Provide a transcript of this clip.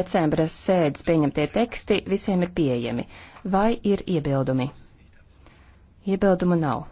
decembra sēdes pieņemtie teksti visiem ir pieejami. Vai ir iebildumi? Iebildumu nav.